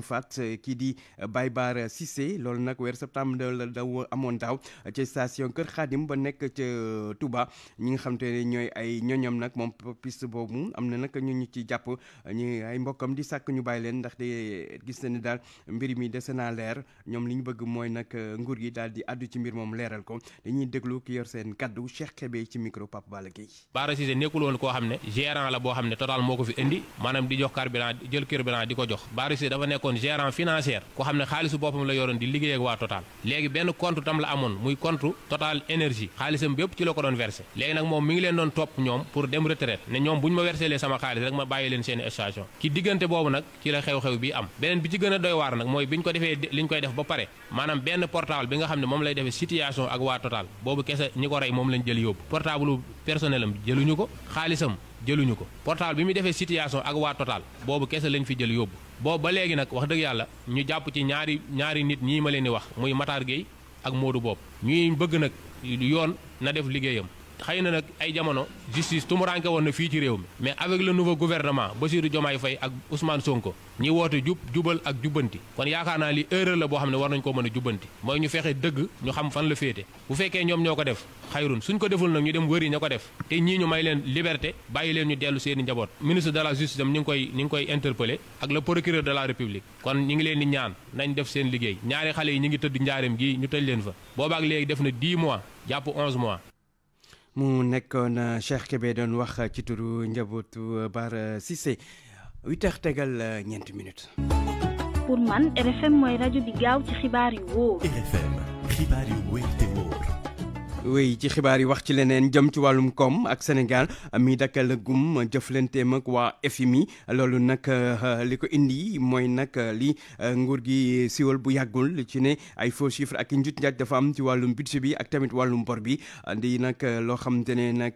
faat eh, kii di Baye eh, Baar Cissé loolu nag weer septembre la daw amoon daaw eh, ca station Kër Xaadim ba nekk ca Touba ñi nga xam te ne ñooy ay ñoñam nag moom piste boobu am na nag ñu ñu ci jàpp ñu ay mbokkam di sàkk ñu bàyyi leen ndax de gis na ni daal mbir mi dese naa leer ñoom li ñu bëgg mooy nag nguur gi daal di àddu ci mbir moom leeral ko dañuy déglu ki yor seen kaddu Cheikh Kébé ci micro Pape Balla Gueye. Baara Cissé nekkul woon koo xam ne gérant la boo xam ne total moo ko fi indi maanaam di jox carburant jël carburant di ko jox kon gérant financier ku xam ne xaalisu boppam la yoroon di liggéey ak waa Total léegi benn compte tam la amoon muy compte Total énergie xaalisam bépp ci la ko doon versé léegi nag moom mi ngi leen doon topp ñoom pour dem retraite ne ñoom bu ñu ma verselee sama xaalis rek ma bàyyi leen seeni station ci diggante boobu nag ci la xew-xew bi am beneen bi ci gën a doy waar nag mooy bi ñu ko defee li koy def ba pare maanaam benn portable bi nga xam ne moom lay defee situation ak waa Total boobu kese moom lañ jël yóbbu portable personnel am ko xaalisam jëluñu ko portable bi muy defee situation ak waa boobu kese lañ fi jël yóbbu boobu ba léegi nag wax dëgg yàlla ñu jàpp ci ñaari ñaari nit ñii ma leen di wax muy Matar Gueye ak Modou Bob ñuy bëgg nag yoon na def liggéeyam xëy na nag ay jamono justice tumuranke woon na fii ci réew mi mais avec le nouveau gouvernement Bassirou Diomaye Faye ak Ousmane Sonko ñi woote jub jubal ak jubbanti kon yaakaar naa li erreur la boo xam ne war nañu ko mën a jubbanti mooy ñu fexe dëgg ñu xam fan la féete bu fekkee ñoom ñoo ko def xayrun suñ ko deful nag ñu dem wëri ña ko def te ñii ñu may leen liberté bàyyi leen ñu dellu seeni njaboot ministre de la justice am ñi ngi koy ñi ngi koy interpellé ak le procureur de la république kon ñi ngi leen di ñaan nañ def seen liggéey ñaari xale yi ñi ngi tëdd njaareem gi ñu tëj leen fa boobaak léegi def na 10 mois jàpp mois mu nekkoon eh, Cheikh Kébé doon wax ci turu njaboot eh, bar Cissé huit heures tegal eh, ñeenti minutes. pour RFM mooy bi gaaw ci xibaar yu wóor. RFM xibaar yu wóor te wóor. wéy ci xibaar yi wax ci leneen jëm ci wàllum koom ak Sénégal mi dakkal gum jëflanteem ak waa FMI loolu nag euh, li ko indi mooy nag euh, li euh, nguur gi siwal bu yàggul ci ne ay faux chiffres ak njut njaaj dafa am ci wàllum budget bi ak tamit wàllum bor bi di nag loo xam te ne nag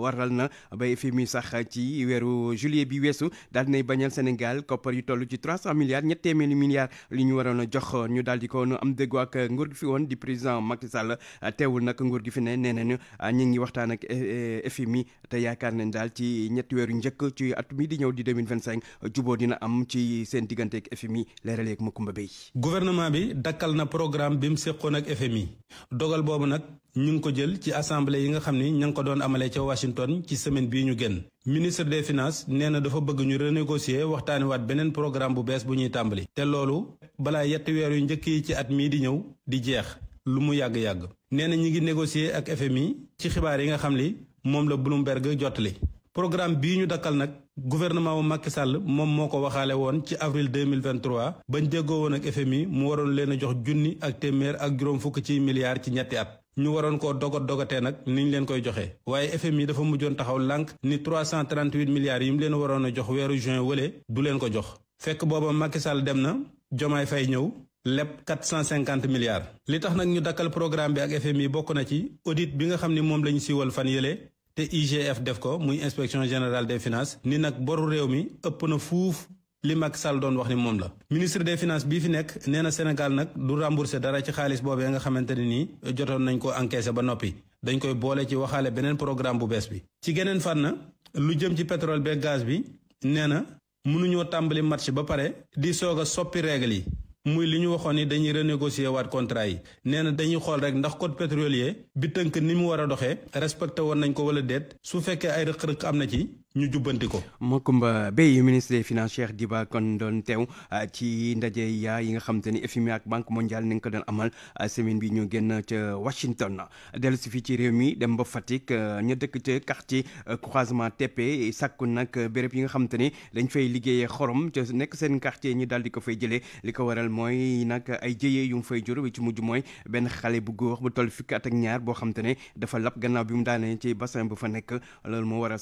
waral na ba FMI sax ci weeru juillet bi weesu daal dinay bañal Sénégal koppar yu tollu ci 300 milliards ñett téeméeri milliards li ñu waroon a jox ñu daal di ko am déggoo ak nguur gi fi woon di président Macky Sall teewul nag nguur gi fi ne nee nañu ah, ñu ngi waxtaan ak eh, eh, FMI te yaakaar nañ daal ci ñetti weeru njëkk ci at mi di ñëw di 2025 juboo dina am ci seen diggante ak FMI leeraleeg Makumba Bey gouvernement bi dakkal na programme bi mu séqoon ak FMI dogal boobu nag ñu ngi ko jël ci assemblée yi nga xam ni ña ngi ko doon amalee ca Washington ci semaine bii ñu gën ministre de finances nee na dafa bëgg ñu renégocier waat beneen programme bu bees bu ñuy tàmbali te loolu balaa yetti weer yu njëkk yi ci at mii di ñëw di jeex lu mu yàgg-yàgg nee na ñi ngi négocier ak FMI ci xibaar yi nga xam ni moom la Bloomberg jottali programme bii ñu dakkal nag gouvernement bu Macky Sall moom moo ko waxaale woon ci avril 2023 bañ déggoo woon ak FMI mu waroon leen a jox junni ak téeméer ak juróom fukk ci milliards ci ñetti at ñu waroon koo dogat dogatee nag ni ñu leen koy joxee waaye FMI dafa mujjoon taxaw lànk ni 338 milliards yi mu leen waroon a jox weeru juin wële du leen ko jox fekk booba Macky Sall dem na Jomaay Fay ñëw leb 450 milliards li tax nag ñu dakkal programme bi ak FMI bokk na ci audite bi nga xam ni moom lañu siiwal fan yële te IGF def ko muy inspection générale des finances ni nag boru réew mi ëpp na fuuf li Macky Sall doon wax ni moom la ministre des finance bii fi nekk nee na Sénégal nag du remboursé dara ci xaalis boobee nga xamante ne nii jotoon nañ ko encaissé ba noppi dañ koy boole ci waxaale beneen programme bu bees bi. ci geneen fànn lu jëm ci pétrole beeg gaz bi nee na mënuñoo tàmbali match ba pare di soog a soppi règle yi. muy li ñu waxoon ni dañuy renégocier waat contrat yi nee na dañuy xool rek ndax code pétrolier bi tënk ni mu war a doxee respecté woon nañ ko wala deet su fekkee ay rëq-rëq am na ci ñu jubbanti ko. Makumba Bey ministre financier Diba kon doon teew ah, ci ndaje yaa yi nga xam te ni FMI ak banque mondiale ni nga ko doon amal ah, semaine bi ñu génn ca Washington dellu si fii ci réew mi dem ba Fatick ah, ñu dëkk ca ci croisement TP sàkku nag béréb yi nga xam ni dañ fay liggéeyee xorom te nekk seen quartier ñi daal di ko fay jëlee li ko waral mooy nag ay jëyee yu mu fay jur bi ci mujj mooy benn xale bu góor bu toll fukki at ak ñaar boo xam te ne dafa lab gannaaw bi mu daanee ci bassin bu fa nekk moo waral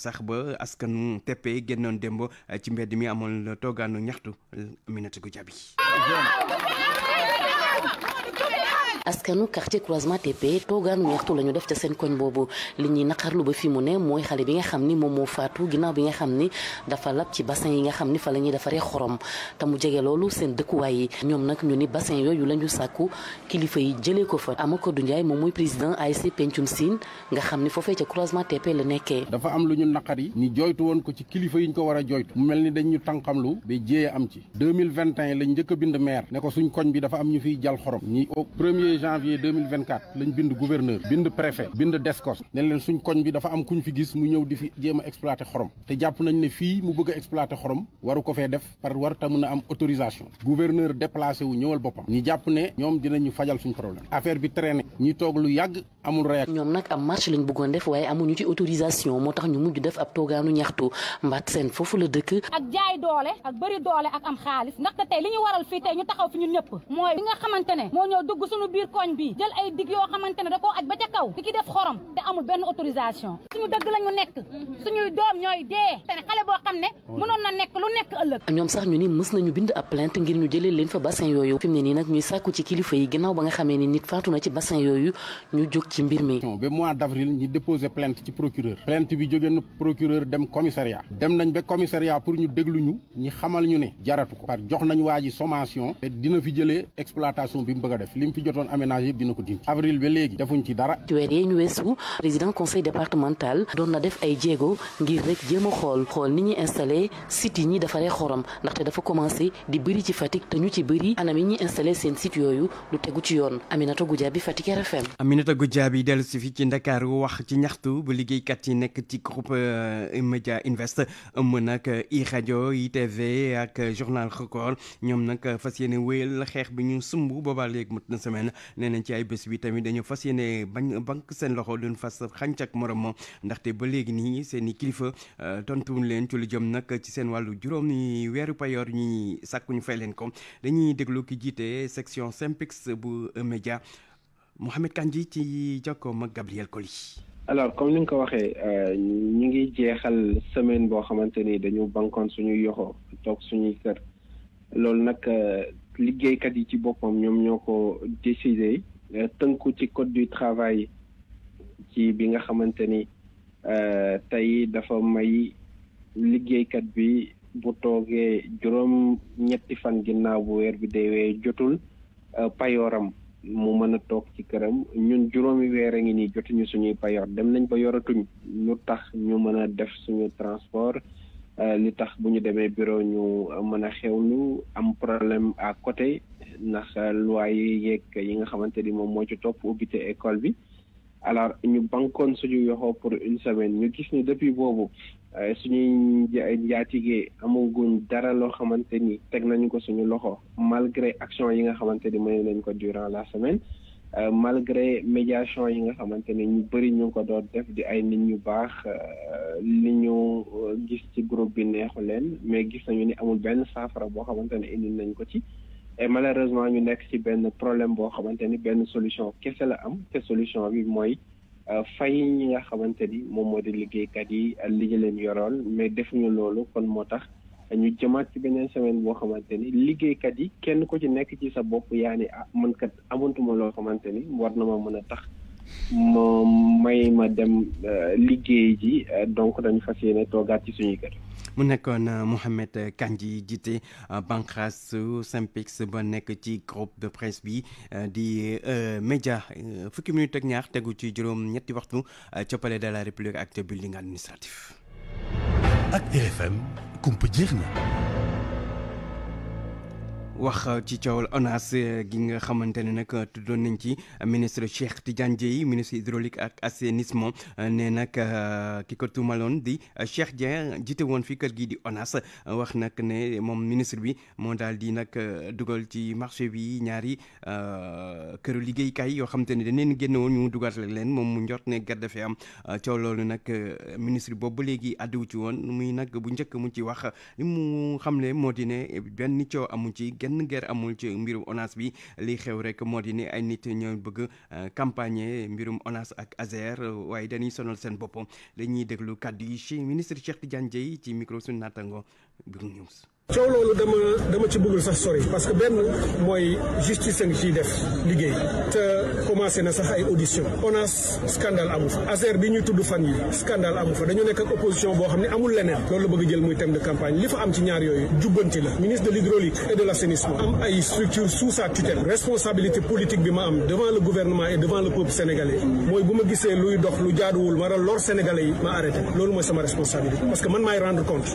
askanu teppe génnoon démb eh, ci mbedd mi amoon toogaanu ñaxtu eh, Aminata Goudiaby askanu quartier croisement TP toogaanu ñaxtu la ñu def ca seen koñ boobu li ñuy naqarlu ba fi mu ne mooy xale bi nga xam ni moom moo faatu ginnaaw bi nga xam ni dafa lab ci bassin yi nga xam ni fa la ñuy defaree xorom te mu jege loolu seen dëkkuwaay yi nag ñu ni bassin yooyu la ñu sàkku kilifa yi jëlee ko fa Amakodou Ndiaye moom mooy président ASC Pencum Sine nga xam ni foofee ca croisement TP la nekkee dafa am lu ñu naqari ñu jooytu woon ko ci kilifa yi ñu ko war a jooytu mu mel ni dañ ñu tànqamlu ba jéeye am ci 2021 lañ njëkk a bind maire ne ko suñ koñ bi dafa am ñu fiy jal xorom ñi premier 1er janvier 2024 lañ bind gouverneur bind préfet bind DESCOS ne leen suñ koñ bi dafa am kuñ fi gis mu ñëw di fi jéem a xorom te jàpp nañ ne fii mu bëgg a exploiter xorom waru ko fee def par war ta mën a am autorisation gouverneur déplacé wu ñëwal boppam ñu jàpp ne ñoom dinañu fajal suñ problème affaire bi traîné ñi toog lu yàgg amul rek ñoom nag am marche lañ bëggoon def waaye amuñu ci autorisation moo tax ñu mujj def ab toogaanu ñaxtu mbaat seen foofu la dëkk ak jaay doole ak bëri biir koñ bi jël ay dig yoo xamante ne aj ba ca di ki def xorom te amul benn autorisation suñu dëgg la ñu nekk suñuy doom ñooy dee xale boo xam ne mënoon na nekk lu nekk ëllëg ñoom sax ñu ni mës nañu bind a plainte ngir ñu jëlee leen fa bassin yooyu fi mu ne nii nag ñuy sàkku ci kilifa yi gannaaw ba nga xamee ni nit faatu na ci bassin yooyu ñu jóg ci mbir mi ba mois d'avril ñu déposé plainte ci procureur plainte bi jógee na procureur dem commissariat dem nañ ba commissariat pour ñu déglu ñu xamal ñu ne jaratu ko par jox nañ waa ji bi aménagé yëpp dina ko dindi avril ba léegi defuñ ci dara. ci weer yee ñu weesu président conseil départemental doon na def ay jéego ngir rek jéem a xool xool ni ñuy installé site yi ñuy defaree xorom ndaxte dafa commencé di bëri ci Fatick te ñu ci bëri anam yi ñuy installé seen site yooyu lu tegu ci yoon Aminata Goudiaby Fatick RFM. Aminata Goudiaby ci Ndakaaru wax ci ñaxtu bu liggéeykat yi nekk ci groupe euh, Media Invest ëmb nag euh, i rajo ITV ak euh, journal Record ñoom nag fas yéene wéyal xeex bi ñu sumb boobaa léegi mot na nee nañ ci ay bés bi tamit dañu fas yéene bañ bank seen loxo duñ fas xànc ak morom ma ndaxte ba léegi nii seen i kilifa euh, tontuwuñ leen ci lu jëm nag ci seen wàllu juróom juróomi weeru payoor ñi sàkkuñu fay leen ko dañuy déglu ki jiite section Synpics bu média Mouhamed Kandji ci jokkoom ak Gabriel Koli. alors comme ni nga ko waxee euh, ñu ngi jeexal semaine boo xamante ni dañu bankoon suñuy yoxoo toog suñuy kër loolu nag euh, liggéeykat yi ci boppam ñoom ñoo ko décider euh, tënku ci code du travail ci bi nga xamante ni euh, tey dafa may liggéeykat bi bu toogee juróom ñetti fan ginnaaw bu weer bi deewee jotul euh, payooram mu mën a toog ci këram ñun juróomi weer a ngi nii jotuñu suñuy payoor dem nañ ba yoratuñ lu tax ñu mën a def suñu transport Euh, li tax bu ñu demee bureau ñu euh, mën a xew xewlu am problème à côté ndax euh, loi yi yeeg yi nga xamante ni moom moo ci topp ubbite école bi alors ñu bankoon suñu yoxoo pour une semaine ñu gis ni depuis boobu suñuy njaatigee amaguñ dara loo xamante ni teg nañu ko suñu loxo malgré action yi nga xamante ni may nañ ko durant la semaine Euh, malgré médiation yi nga xamante ne ñu bëri ñu ko doon def di ay nit ñu baax euh, li ñu euh, gis ci groupe bi neexu leen mais gis nañu ni amul benn saafara boo xamante ne indi nañ ko ci et malheureusement ñu nekk ci benn problème boo xamante ni benn solution kese la am te solution bi mooy fay ñi nga xamante ni moom moo di liggéeykat yi li ñu leen mais defuñu loolu kon moo tax ñu jëmaat ci beneen semaine boo xamante ni liggéeykat yi kenn ku ci nekk ci sa bopp yaa ni ah mankat kat loo xamante ni war na ma mën a tax ma may ma dem euh, liggéey ji euh, donc dañu fas yéene toogaat ci suñuy kër. mu nekkoon euh, Mouhamed Kandji jiite banqaasu Synpics ba nekk ci groupe de presse bi di média fukki minute ak ñaar tegu ci juróom ñetti waxtu ca palais de la république ak ca building administratif. ak RFM. kumpa na wax euh, ci coowal ONAS euh, gi nga xamante ne nag euh, tuddoon nañ ci ministre Cheikh Tidiane Dièye ministre hydraulique ak assainissement ne nag ki ko tuumaloon di Cheikh Dieng jiite woon fi kër gii di ONAS wax nag ne moom ministre bi moo daal di nag dugal ci marché bi ñaari këru liggéeykaay yoo xamante ne dañ leen génne woon ñu dugaat leen moom mu njort ne gàdda fee am coow loolu nag ministre boobu léegi àdduwu ci woon muy nag bu njëkk mu ci wax li mu xam ne moo di ne benn coow amu ci. genn nger amul ci mbirum ONAS bi li xew rek moo di ni ay nit ñoo bëgg euh, campagne mbirum ONAS ak ASER waaye dañuy sonal seen bopp dañuy déglu kàddu yi ci ministre Cheikh Tidiane Dièye ci micro suñu naataango Biroum News coow loolu dama dama ci bëggul sax sori parce que benn mooy justice a ngi ciy def liggéey te commencé na sax ay audition ONAS scandale amu fa ASER bi ñuy tudd fan yi scandale amu fa dañu nekk ak opposition boo xam ne amul leneen loolu la bëgg jël muy thème de campagne li fa am ci ñaar yooyu jubbanti la ministre de l'hydraulique et de l'assainissement am ay structure sous sa responsabilité politique bi ma am devant le gouvernement et devant le peuple sénégalais mooy bu ma gisee luy dox lu jaaduwul ma lor sénégalais yi ma parce que man maay rendre compte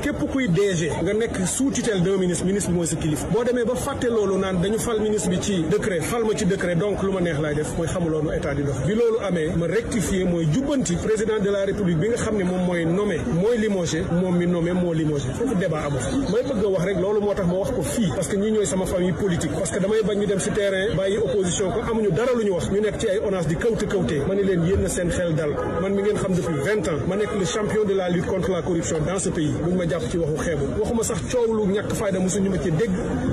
tutelle ministre bi mooy sa kilifa boo demee ba fàtte loolu naan dañu fal ministre bi ci décret fal ci décret donc lu ma neex laay def mooy xamuloo état di dox bi loolu amee ma rectifier mooy jubbanti président de la république bi nga xam ne moom mooy nommé mooy limogé moom mi nommé moo limogé foofu débat amul may bëgg a wax rek loolu moo tax ma wax ko fii parce que ñi ñooy sama famille politique parce que damay bañ ñu dem si terrain bàyyi opposition ñàkk fayda mosuñu ma ci dégg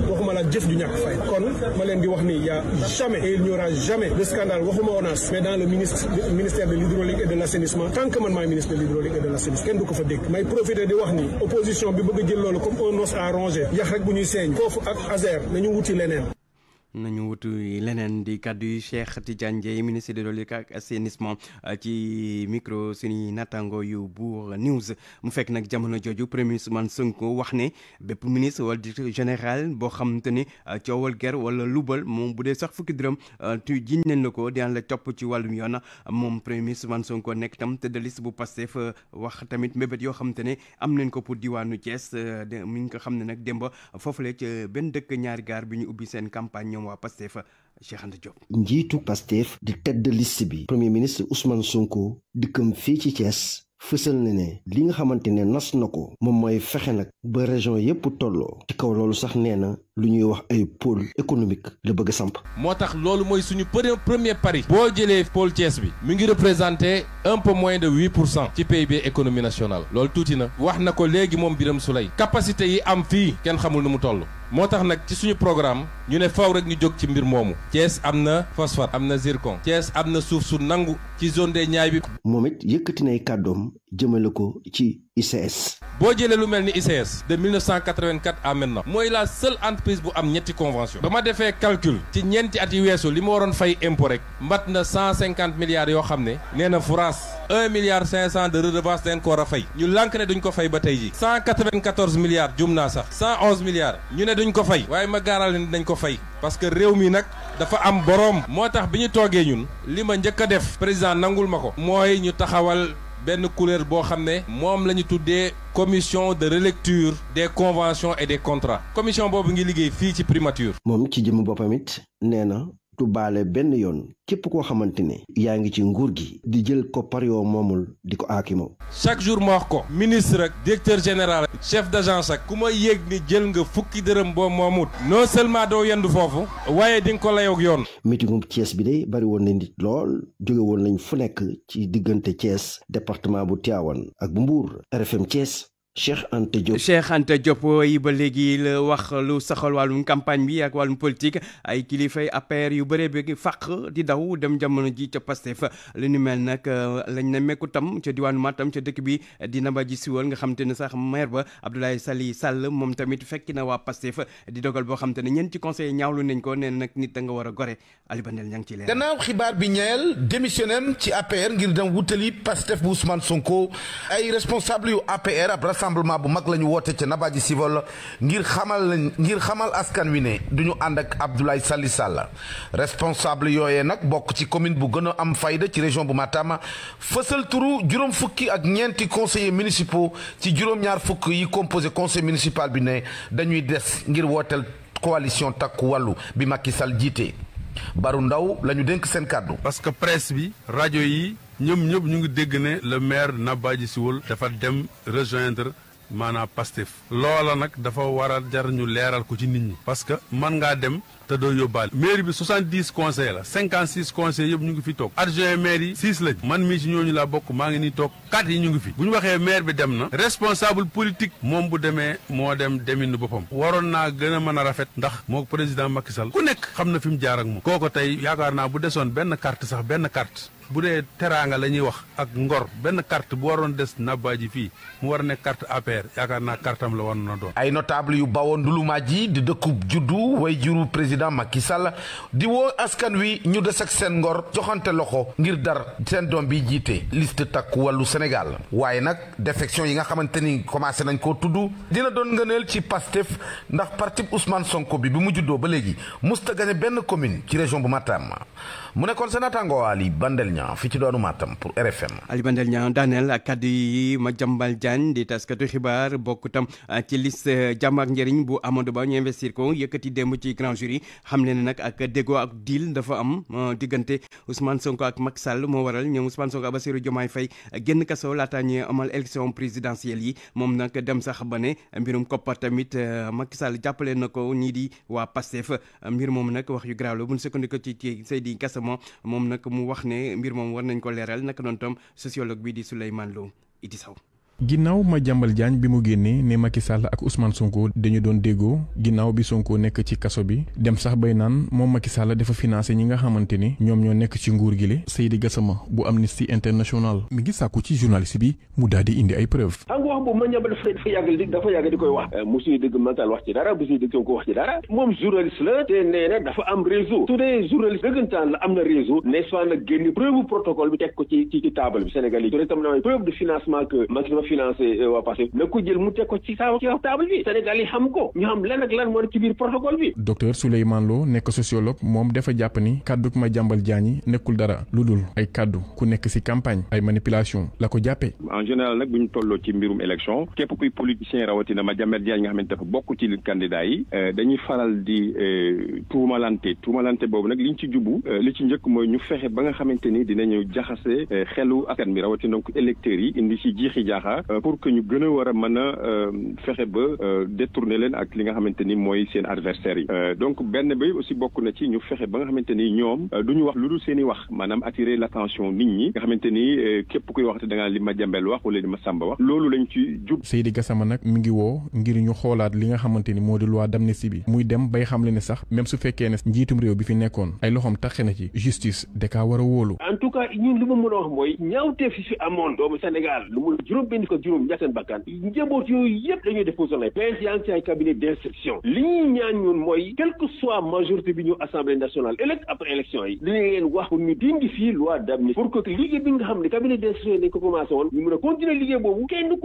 waxuma la jëf ju ñàkk fayda kon ma leen di wax ni y a jamais et il n'y aura jamais de scandale waxuma ONAS mais dans le ministre ministère de l'hydraulique et de l'assainissement tant man maay ministre de l'hydraulique et de l'assainissement kenn du ko fa dégg may profiter di wax ni opposition bi bëgg jël loolu comme un os à yax rek bu ñuy seeñ foofu ak azer nañu wuti leneen nañu wutu leneen di kaddu yi Cheikh Tidiane Dièye ministre de l'hydraulique ak assainissement euh, ci micro suñuy natango yu Bour News mu fekk nag jamono jooju premier Ousmane Sonko wax ne bépp ministre wala directeur général boo xamante ni euh, coowal ger wala lubal moom bu dee sax fukki dërëm euh, tu jiñ leen la ko dinañ la topp ci wàllum yoon moom premier Ousmane Sonko nekk tam tête de liste bu Pastef wax tamit mbébét yoo xamante ne am nañ ko pour diwaanu cees mi ngi ko xam ne nag démba foofule ca benn dëkk ñaari gaar bi ñu ubbi seen campagne ñoom waa Pastef Cheikh Anta Diop. njiitu Pastef di tedd list bi premier ministre Ousmane Sonko dikkam fii ci Thiès. fësal na ne li nga xamante ne nas na ko moom mooy fexe nag ba région yépp tolloo ci kaw loolu sax nee na lu ñuy wax ay pôle économique la bëgg samp moo tax loolu mooy suñu premier paris boo jëlee pôle Thiès bi mu ngi représenté un peu moins de huit pour cent ci économie nationale loolu tuuti na wax na ko léegi moom Birame Souleye capacité yi am fii kenn xamul nu mu toll moo tax nag ci suñu programme ñu ne faw rek ñu jóg ci mbir moomu Thiès am na phosphate am na zircon Thiès am na suuf su nangu ci zone des Niayes bi moom it yëkkati nay kàddoom jëmale ko ci ICS. boo jëlee lu mel ni ICS de 1984 à mooy la seule entreprise bu am ñetti convention ba ma defee calcul ci ñeenti at yi weesu li ma waroon fay impôt rek mbat na 150 yoo xam ne nee na France de redevance dañ ko a fay ñu lànk ne duñ ko fay ba tey ji 194 milliards sax 111 ñu ne duñ ko fay waaye ma gaaral ne dañ ko fay parce réew mi nag dafa am boroom moo tax bi ñu toogee ñun li ma njëkk def président nangul ma ko mooy ñu taxawal benn kuréel boo xam ne moom la ñu tuddee commission de relecture des conventions et des contrats commission boobu ngi liggéey fii ci primature moom ci jëmm boppam it nee na du baale benn yoon képp koo xamante ne yaa ngi ci nguur gi di jël koppar yoo moomul di ko aakimoo chaque jour ma ko ministre ak directeur général chef d'agence ak ku ma yéeg ni jël nga fukki dërëm boo moomut non seulement doo yendu foofu waaye di ko layoog yoon mitingum Thiès bi de bari woon na nit lool jóge woon nañ fu nekk ci diggante Thiès département bu Tivaouane ak bu Mbour RFM Thiès Cheikh Anta Diop Cheikh Anta Diop yi ba léegi la wax lu saxal wàllum campagne bi ak wàllum politique ay kilifay APR yu bëree bi fàq di daw dem jamono ji ca Pastef li nu mel nag euh, lañ ne mekku tam ca diwaanu Matam ca dëkk bi dina ba ji siwal nga xam te ne sax maire ba Abdoulaye Sali Sall moom tamit fekki na waa Pastef di dogal boo xam te ne ñeenti conseil ñaawlu nañ ko nee nag nit da nga war a gore Ali Bandel ci leen gannaaw xibaar bi ñeel démissionnem rassemblement bu mag la ñu woote ca Nabadji Civol ngir xamal lañ ngir xamal askan wi ne du ànd ak Abdoulaye Sall Sall responsable yooyee nag bokk ci commune bu gën a am fayda ci région bu Matam fësal turu juróom fukki ak ñeenti conseillers municipaux ci juróom fukk yi composé conseil municipal bi ne dañuy des ngir wooteel coalition takku wallu bi Macky Sall jiite baru ndaw lañu ñu seen kàddu. parce que bi rajo yi. ñëm ñëpp ñu ngi dégg ne le maire Nabadji Cissé dafa dem rejoindre maanaam Pastef loola nag dafa war a jar ñu leeral ko ci nit ñi parce que mën ngaa dem te doo yóbbaale maire bi 70 conseillers la 56 conseillers yëpp ñu ngi fi toog adjoint maire yi 6 lañ man mii ci ñooñu laa bokk maa ngi nii toog 4 yi ñu ngi fi bu ñu waxee maire bi dem na responsable politique moom bu demee moo dem demin boppam waroon naa gën a mën a rafet ndax moo président Macky Sall ku nekk xam na fi mu jaar ak moom kooko tey yaakaar naa bu desoon benn carte sax benn carte bu dee teraanga la ñuy wax ak ngor benn carte bu waroon des Nabadji fii mu war ne carte APR yaakaar naa carte la war na doon. ay notable yu bawoo Ndouloumadji di dëkkub juddu way juru président Macky Sall di woo askan wi ñu des ak seen ngor joxante loxo ngir dar seen doom bi jiite liste takk wallu Sénégal waaye nag défection yi nga xamante ni commencé nañ koo tudd dina doon ngëneel ci Pastef ndax parti Ousmane Sonko bi bi mu juddoo ba léegi musta gañe benn commune ci région bu Matam mu nekkoon sa naataango Ali Bandel Niang fi ci doonu Matam pour RFM. Aliou Bandel Niang ak kaddu yi Madiambal Diagne di taskatu xibaar bokk tam eh, ci liste eh, jàmm ak njëriñ bu Amadou Ba ñu investir ko yëkkati démb ci grand jury xam ne nag ak déggoo ak deal dafa am eh, diggante Ousmane Sonko ak Macky moo waral ñoom Ousmane Sonko ak Bassirou Diomaye Faye génn kaso laataa ñuy amal élection présidentielle yi moom nag dem sax ba ne mbirum koppar tamit Macky Sall jàppale na ko ñii di waa Pastef mbir moom nag wax yu garaaw la bu ñu mbir moom war nañ ko leeral naka noonu tam sociologue bi di Souleymane Lo iti saw ginnaaw Madiambal Diagne bi mu génnee ne Macky sàll ak Ousmane Sonko dañu doon déggoo ginnaaw bi Sonko nekk ci kaso bi dem sax bay naan moom Macky Sall defa financé ñi nga xamante ni ñoom ñoo nekk ci nguur gi li le Seydi Gassama bu Amnesty International mi ngi sàkku ci journaliste bi mu daal indi ay preuve boobu ma ñabal Fred dafa yàgg di koy wax euh, mosuñu dëgg mental wax ci dara mosuñu dëgg Sonko wax ci dara moom journaliste la te nee dafa am réseau su dee journaliste dëggantaan la am na réseau nest bi euh, ko jël mu teg ko ci sa ci table bi Sénégal yi xam ko ñu xam lan ak lan moo ci biir protocole bi docteur Souleymane Lo nekk sociologue moom dafa jàpp ni kàddu ma jàmbal jaañi nekkul dara lu dul ay kàddu ku nekk ci campagne ay manipulation la ko jàppee en général élection képp kuy politicien rawatina ma Madiambal Diagne nga xamante dafa bokk ci candidat yi euh, dañuy faral di euh, tuumalante tuumalante boobu nag liñ ci jubbu euh, li ci njëkk mooy ñu fexe ba nga xamante ni dinañu jaxase xelu askan bi rawatina donc électeurs yi indi ci jiixi jaaxa pour que ñu gën a war a mën a fexe ba détourner leen ak li nga xamante ni mooy seen adversaires yi donc benn bi aussi bokk na ci ñu fexe ba nga xamante ni ñoom du ñu wax lu dul seen i wax maanaam attirer l'attention nit ñi nga xamante ni képp kuy waxte da ngaa li ma jambel wax wala ma sàmba wax loolu lañ ci jub Seydi Gassama nag mi ngi woo ngir ñu xoolaat li nga xamante ni moo di loi d'amnistie bi muy dem bay xam ne sax même su fekkee ne njiitum réew bi fi nekkoon ay loxoom taxe na ci justice dakaa war a wóolu en tout cas ñun ma mën a wax mooy ñaawteef fi fi amoon doomu Sénégal lu mu juróom benn ko juróom ñàkk seen bakkan njaboot yooyu yëpp dañuy déposé lay PS yaa ngi ci ay li ñuy ñaan ñun mooy quel soit majorité bi ñu assemblée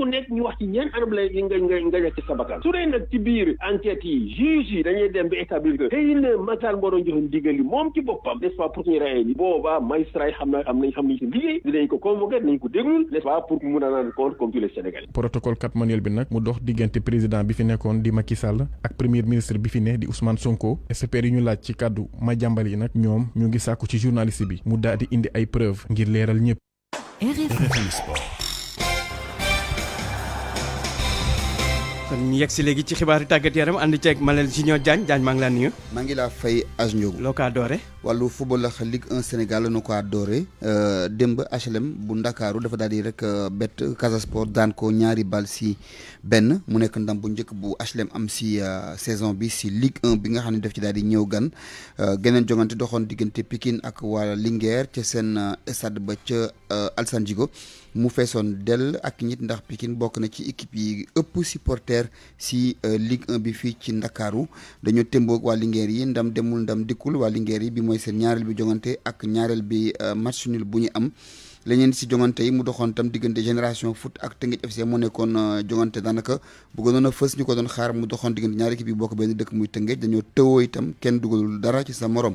a rek ñu wax ci ñeen anam lay nga nga nga ñàkk sa bakkan su dee nag ci biir enquête yi juge yi dañuy dem bi établir que tey la Matar moo doon joxe ndigal li moom ci boppam n'est-ce pas pour que ñu rayee ni boobaa magistrat yi xam na am nañ xam nañ seen liggéey dinañ ko convoqué dinañ ko déglul n'est-ce pas pour que mu mun a rendre compte comme tous les Sénégalais. protocole manuel bi nag mu dox diggante président bi fi nekkoon di Macky Sall ak premier ministre bi fi ne di Ousmane Sonko experts yi ñu laaj ci kàddu ma jàmbal yi nag ñoom ñu ngi sàkku ci journaliste bi mu daal di indi ay preuve ngir leeral ñëpp. RFI Sport. kon ñu yegg si léegi ci xibaaru tàggat yaram ànd ceeg Malal Junior Diagne Diagne maa ngi laa fay As Ndiogu. loo ko adoore. wàllu football ak Ligue 1 Sénégal nu ko adoore euh, démb HLM bu Ndakaaru dafa daal di rek euh, bett Casa Sport daan ko ñaari bal si benn mu nekk ndam bu njëkk bu HLM am si euh, saison bi si Ligue 1 bi nga xam ne daf ci daal di ñëw gan geneen jongante doxoon diggante Pikine ak waa Linguère ca seen stade ba ca Alassane Djigo mu feesoon dell ak nit ndax Pikine bokk na ci équipe yi ëpp supporter si euh, Ligue 1 bi fii ci Ndakaaru dañoo témboog waa Linguère yi ndam demul ndam dikkul waa Linguère yi bi mooy seen ñaareel bi jongante ak ñaareel bi euh, match nul bu ñu am leneen si jongante yi mu doxoon tam diggante génération foot ak Teungueth FC moo nekkoon euh, jongante daanaka bu gënoon a fës ñu ko doon xaar mu doxoon diggante ñaari équipe yi bokk benn dëkk muy Teungueth dañoo tëwoo itam kenn dugalul dara ci sa morom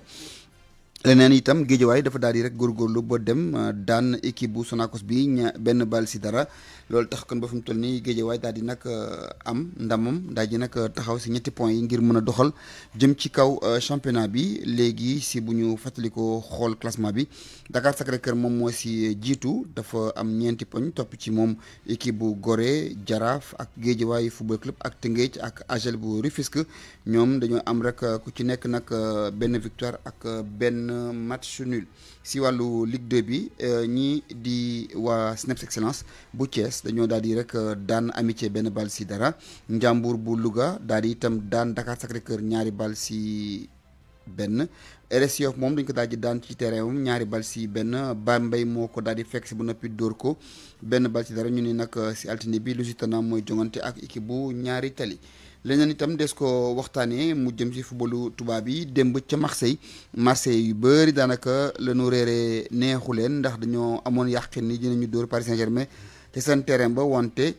leneen itam géejawaay dafa daal di rek góorgóorlu ba dem euh, daan équipe bu sonakos bi ña benn bal si dara loolu tax kon ba fi mu toll nii géejawaay daal di nag euh, am ndamam daal di nag euh, taxaw si ñetti points yi ngir mën a doxal jëm ci kaw championnat bi léegi si bu ñu fàttalikoo xool classement bi Dakar Sacré-Cœur moom moo si jiitu dafa am ñeenti poñ topp ci moom équipe bu Gorée Jaraaf ak géejawaay football club ak Tëngéej ak AGEL bu Rufisque ñoom dañoo am rek ku ci nekk nag benn victoire ak benn. benn match nul si wàllu Ligue 2 bi euh, ñii di waa Snaps Excellence bu Thiès dañoo daal di rek euh, daan amitié benn bal si dara Njàmbur bu Louga daal di itam daan Dakar Sacré-Cœur ñaari bal si benn RS Yoff moom dañ ko daal di daan ci terrain am ñaari bal si benn Bambey moo ko daal di fekk si bu noppi dóor ko benn bal si dara ñu ne nag euh, si altine bi na mooy jongante ak équipe bu ñaari tali leneen itam des ko waxtaanee mu jëm ci footballu tubaab yi démb ca Marseille Marseille yu bëri daanaka la ñu réeree neexu leen ndax dañoo amoon yàqin ni dinañu dóor Paris Saint-Germain te seen terrain ba wante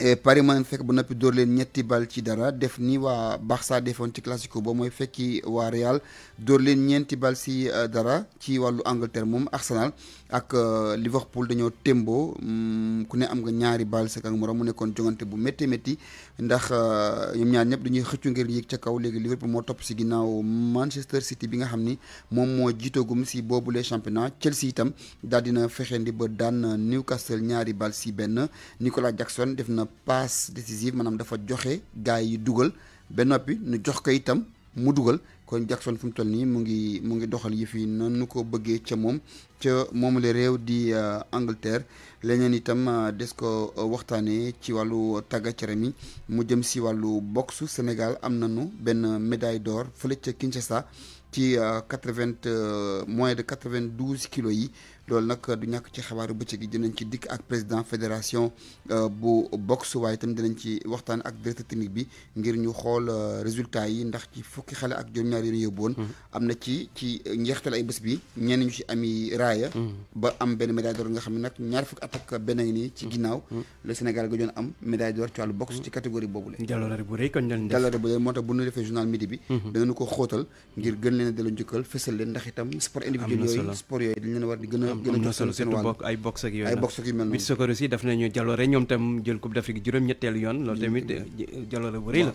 eh, Paris mën fekk ba noppi dóor leen ñetti bal ci dara def ni waa Barça defoon ci classico ba mooy fekki waa Real dóor leen ñeenti bal si eh, dara ci wàllu Angleterre moom Arsenal. ak euh, Liverpool dañoo témboo mm, ku ne am nga ñaari baal sa ak morom mu nekkoon jongante bu métti métti ndax euh, ñoom ñaar ñëpp dañuy xëccu ngir yéeg ca kaw léegi Liverpool moo topp si ginnaaw Manchester City bi nga xam ni moom moo jiitagum si boobule championnat Chelsea itam daal dina fexeendi ba daan Newcastle ñaari baal si benn Nicolas Jackson def na passe décisive maanaam dafa joxe gars yi dugal ba noppi ñu jox ko itam mu dugal kon Jackson fu mu toll nii mu ngi mu ngi doxal yëf yi noonu ko bëggee ca moom ca moom réew di euh, Angleterre leneen itam euh, des ko euh, waxtaanee ci wàllu tàggat yaram yi mu jëm si wàllu boxe Sénégal am nanu benn médaille door fële ca Kinshasa ci quatre-vingt moins de quatre-vingt-douze kilos yi. loolu nag du ñàkk ci xabaaru bëccëg gi dinañ ci dikk ak président fédération euh, bu boxe waaye itam dinañ ci waxtaan ak directeur technique bi ngir ñu xool euh, résultat yi ndax ci fukki xale ak juróom-ñaar yi ñu mm-hmm. am na ci ci njeextal ay bés bi ñenn ñu ci ami raaya mm-hmm. ba am benn médaille nga xam ne nag ñaar fukki at benn ngi nii ci mm. ginnaaw mm. le Sénégal ga doon am médaille d'or ci wàllu boobu la jaloore bu rëy mm-hmm. a a a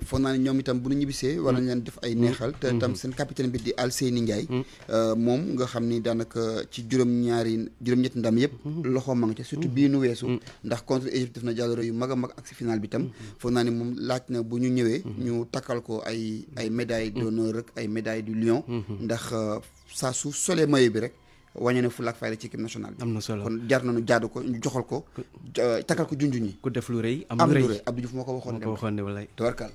la foog naa ne ñoom itam bu ñu ñibbisee war nañ def ay mm. neexal te itam mm-hmm. seen capitaine bi di Alseyni Ndiaye euh, moom nga xam ni daanaka ci juróom ñaari juróom ñett ndam yëpp mhm. loxo ma nga ca surtout mhm. bii nu weesu mhm. ndax contre Égypte def na jàlloro yu mag a mag ak si final bi tam foog naa ne moom laaj na bu ñu ñëwee ñu takkal ko ay ay médaille rek ay médaille du lion ndax euh, saa su solee mayo bi rek wàññi na fulaak fayda ci équipe nationale bi am na solo kon jar nañu jaadu ko ñu joxal ko euh, takkal ko junjun ñi ku def lu am lu rëy Abdou Diouf moo ko waxoon de walaay tawarkal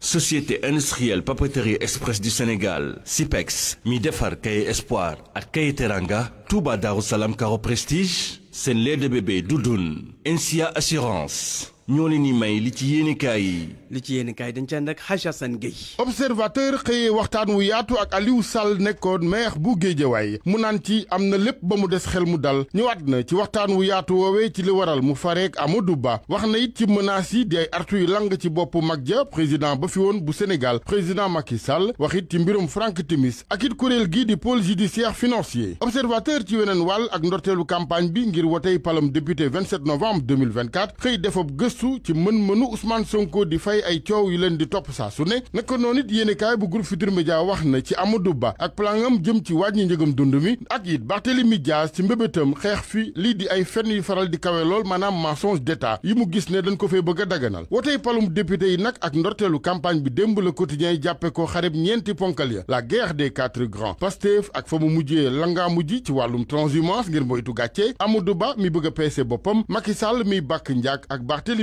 société industrielle papeterie express du Sénégal SIPEX mi defar kay espoir ak kay teranga Touba Darou Salam Caro Prestige seen lait de bébé Doudoune NSIA assurance ñoo leen di may li ci yéenekaay yi. li ci yéenekaay dañ ci ànd ak Hadj Assane Gueye. observateur xëyee waxtaan wu yaatu ak Aliou Sall nekkoon maire bu waaye mu naan ci am na lépp ba mu des xel mu dal ñëwaat na ci waxtaan wu yaatu woowee ci li waral mu fareek Amadou Ba wax na it ci menaces yi di ay artu yu lang ci boppu mag ja président ba fi woon bu Sénégal président Macky Sall wax it ci mbirum Franck Timis ak it kuréel gii di pôle judiciaire financier observateur ci weneen wàll ak ndorteelu campagne bi ngir wotey palam député 27 novembre 2024 xëy defab gëstu gëstu ci mën-mënu Ousmane Sonko di fay ay coow yu leen di topp saa su ne naka noonu it yéenekaay bu groupe Futurs Médias wax na ci Amadou Ba ak planam jëm ci wàññi njëgam dund mi ak it Barthélemy Dias ci mbébétam xeex fi lii di ay fenn yu faral di kawe lool maanaam mensonge d'État yi mu gis ne dañ ko fay bëgg a daganal wotey palum député yi nag ak ndorteelu campagne bi démb Le Quotidien yi jàppe ko xareb ñeenti ponkal ya la guerre des quatre grands Pastef ak fa mu mujjee mujj ci wàllum transhumance ngir moytu gàcce Ba mi bëgg a boppam Macky Sall mi bàkk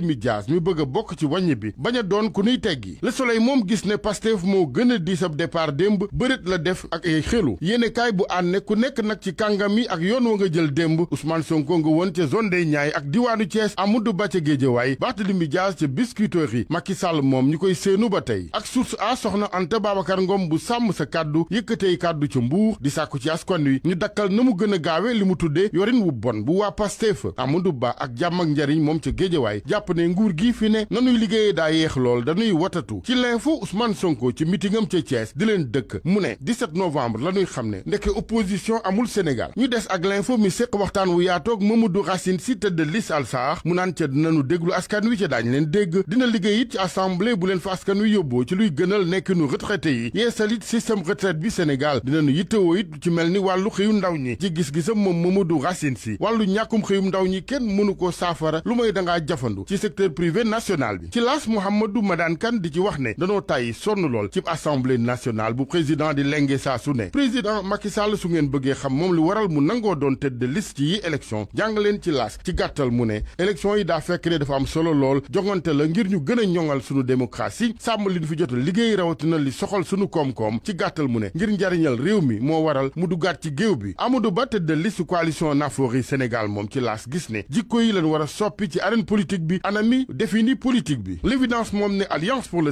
Barthélemy mi bëgg a bokk ci wàññi bi bañ a doon ku nuy teggi Le Soleil moom gis ne Pastef moo gën a diis ab départ démb bërit la def ak ay xelu yéenekaay bu ànd ne ku nekk nag ci kàngam yi ak yoon wa nga jël démb Ousmane Sonko nga woon ca zone des ñaay ak diwaanu Thiès Amadou Ba ca Guédiawaye Barthélemy Dias ca Biscuiterie Macky Sall moom ñu koy séenu ba tey ak source a soxna Anta Babacar Ngom bu sàmm sa kàddu yëkkatey kàddu ca mbuur di sàkku ci askan wi ñu dakkal na mu gën a gaawe li mu tudde yorin wu bon bu waa Pastef Amadou Ba ak jàmm ak moom ca Guédiawaye jàpp jàpp ne nguur gi fi ne nanuy liggéeyee daa yeex lool dañuy watatu ci l'info Ousmane Sonko ci mitingam ca Thiès di leen dëkk mu ne 17 novembre lañuy xam ne ndeke opposition amul Sénégal ñu des ak l'info mi séq waxtaan wu yaatoog Mamadou Racine Sy tëdd Lys Alsaax mu naan ca dinañu déglu askan wi ca daañu leen dégg dina liggéey it ci assemblée bu leen fa askan wi yóbboo ci luy gënal nekkinu retraité yi yeesalit système retraite bi Sénégal dinañu yittewoo it ci mel ni wàllu xëyu ndaw ñi ci gis-gisam moom Mamadou Racine Sy wàllu ñàkkum xëyum ndaw ñi kenn mënu ko saafara lu may dangaa jafandu ci ci secteur privé national bi ci laas Mouhamadou Madane Kane di ci wax ne danoo tàyyi sonn lool ci assemblée nationale bu président di lengee saa su ne président Macky Sall su ngeen bëggee xam moom lu waral mu nangoo doon tête de liste yi élection jàng leen ci laas ci gàttal mu ne élection yi daa fekk ne dafa am solo lool jongante la ngir ñu gën a ñoŋal sunu démocratie sàmm li ñu fi jot liggéey rawatina li soxal sunu koom-koom ci gàttal mu ne ngir njariñal réew mi moo waral mu duggaat ci géew bi Amadou Ba tête de liste coalition Nafoori Sénégal moom ci laas gis ne jikko yi leen war a soppi ci arène politique bi ana anami défini politique bi l'évidence moom ne alliance pour le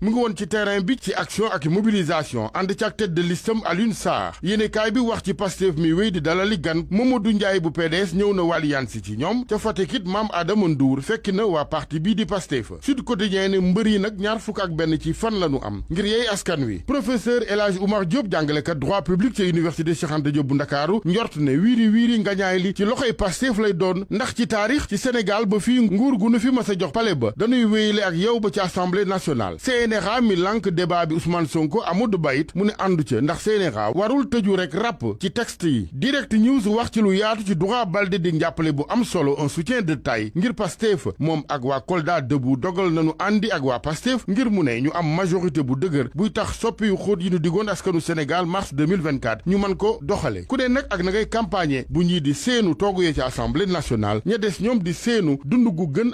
mu ngi woon ci terrain bi ci action ak mobilisation ànd ci ak tête de listam Alioune Sarr yéenekaay bi wax ci Pastef mi wéy di dalali gan Mamadou Ndiaye bu PDS ñëw na wàlliyansi ci ñoom ca Fatick it maam Adama Ndour fekki na waa parti bii di Pastef Sud Quotidien ne mbër yi nag ñaar fukk ak benn ci fan lañu am ngir yeey askan wi professeur El Hadj Oumar Diop jàngalekat droit public ca université Cheikh Anta Diop bu Ndakaaru njort ne ndax ci taarix ci Sénégal ba fii nguur nu fi mas a jox pale ba dañuy wéyale ak yow ba ci assemblée nationale CNRA mi lànk débat bi Ousmane Sonko Amadou Ba it mu ne àndu ca ndax CNRA warul tëju rek ràpp ci texte yi direct news wax ci lu yaatu ci Doura Baldé di njàppale bu am solo un soutien de taille ngir Pastef moom ak waa Kolda debout dogal nañu àndi ak waa Pastef ngir mu ne ñu am majorité bu dëgër buy tax soppi yu xóot yi ñu digoon askanu Sénégal mars 2024 ñu man ko doxale ku ne nag ak na ngay campagne bu ñii di seenu toogu yee ci assemblée nationale ña des ñoom di seenu dund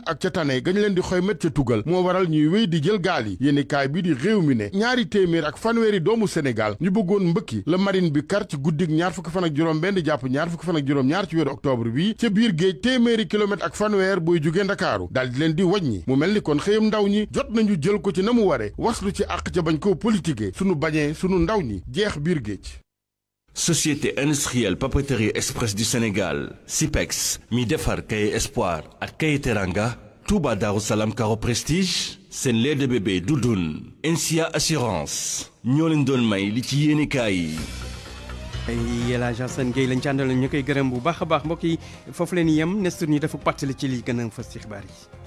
ak ca tane gañ leen di xoymet ca tugal moo waral ñuy wéy di jël gaal yi yéeni kaay bi di réew mi ne ñaari téeméer ak fanweeri doomu Sénégal ñu bëggoon mbëkki la marin bi kar ci guddig ñaar fukki fanak ak juróom benn jàpp ñaar fukki fan ak juróom ñaar ci weeru octobre bi ca biir géej téeméeri kilomètre ak fanweer booy jugee ndakaaru daal di leen di wañ ñi mu mel ni kon xëyam ndaw ñi jot nañu jël ko ci na mu ware waslu ci àq ca bañ koo politiqué sunu bañee sunu ndaw ñi jeex biir géej société industrielle papeterie express du Sénégal SIPEX mi defar kay espoir ak kay teranga Touba Darou Salam Caro Prestige seen lait de du Doudoun NSIA assurance ñoo leen doon may li ci yéenekaay yi yàlla Assane Gueye lañ ci àndal ñu koy gërëm bu baax a baax mbokk yi foofu leen yem nestur ñu dafa pàttali ci li gën a fës ci xibaar yi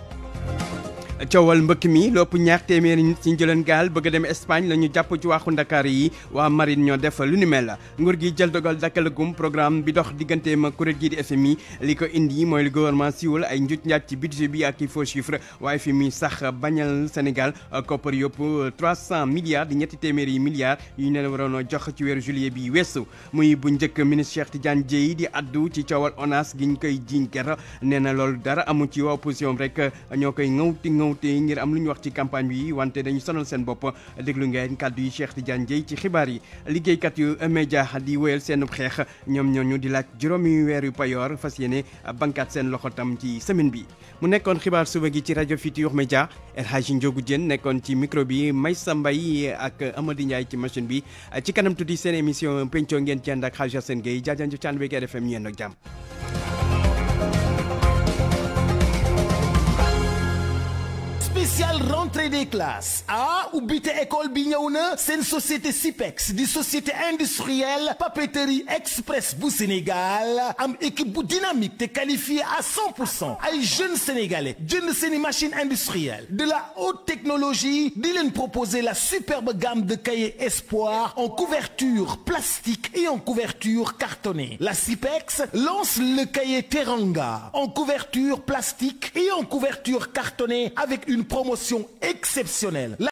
coowal mbëkk mi lopp ñaar téeméeri nit ci jëleen gaal bëgg dem Espagne la ñu jàpp ci waaxu Ndakaar yi waa marine ñoo def lu ni mel nguur gi jël dogal dakkalagum programme bi dox digganteem ak kuréel gii di FMI li ko indi mooy le gouvernement siwul ay njut njaaj ci budget bi ak i faux chiffre waaye fi muy sax bañal Sénégal koppar yëpp 300 milliards di ñetti téeméeri milliards yu ne waroon jox ci weeru juillet bi weesu muy bu njëkk ministre Cheikh Tidiane Dièye di addu ci coowal ONAS gi ñu koy jiiñ ger nee na loolu dara amu ci waa opposition rek ñoo koy ŋaw ñëw ngir am lu ñu wax ci campagne bi wante dañu sonal seen bopp déglu ngeen kàddu yi Cheikh di Dieye ci xibaar yi liggéeykat yu média yi wéyal seen xeex ñoom ñu di laaj juróomi weer yu payoor fas yéene bankaat seen loxo tam ci semaine bi mu nekkoon xibaar suba gi ci rajo Futurs Médias El Hadji Ndiogou Diène nekkoon ci micro bi sa mbay ak Amady Ndiaye ci machine bi ci kanam tuddi seen émission pencoo ngeen ci ànd ak Hadj Assane Gueye jaajëf ci ànd beeg ak jàmm spécial rentrée des classes ah ubbite école bi ñëw na seen société SIPEX di société industrielle papeterie express bu Sénégal am équipe bu dynamique te qualifiée à 100 pour cent ay jeunes sénégalais jënd seen i machine industrielle de la haute technologie di leen proposer la superbe gamme de cahiers Espoir en couverture plastique et en couverture cartonnée la SIPEX lance le cahier Teranga en couverture plastique et en couverture cartonnée avec une promotion exceptionnelle.